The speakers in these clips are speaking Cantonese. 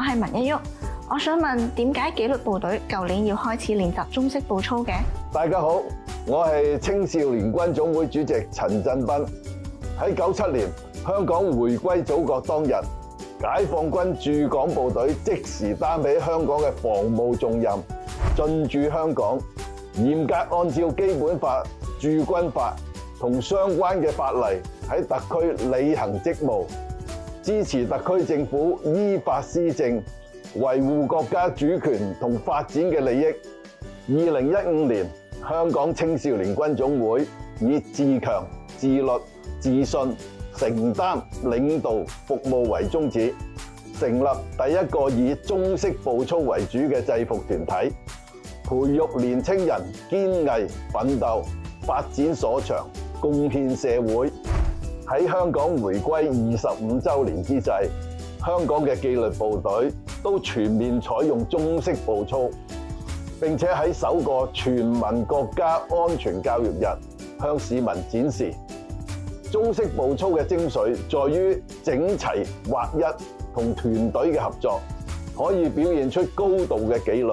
我係文一旭，我想問點解紀律部隊舊年要開始練習中式步操嘅？大家好，我係青少年軍總會主席陳振彬。喺九七年香港回歸祖國當日，解放軍駐港部隊即時擔起香港嘅防務重任，進駐香港，嚴格按照基本法、駐軍法同相關嘅法例喺特區履行職務。支持特區政府依法施政，維護國家主權同發展嘅利益。二零一五年，香港青少年軍總會以自強、自律、自信、承擔、領導、服務為宗旨，成立第一個以中式步操為主嘅制服團體，培育年青人堅毅、奮鬥、發展所長、貢獻社會。喺香港回歸二十五週年之際，香港嘅紀律部隊都全面採用中式步操，並且喺首個全民國家安全教育日向市民展示。中式步操嘅精髓在於整齊劃一同團隊嘅合作，可以表現出高度嘅紀律、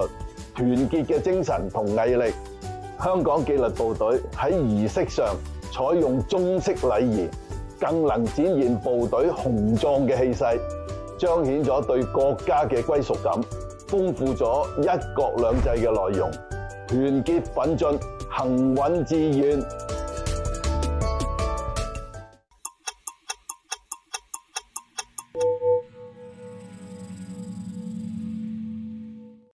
團結嘅精神同毅力。香港紀律部隊喺儀式上採用中式禮儀。更能展現部隊雄壯嘅氣勢，彰顯咗對國家嘅歸屬感，豐富咗一國兩制嘅內容，團結奮進，行穩致遠。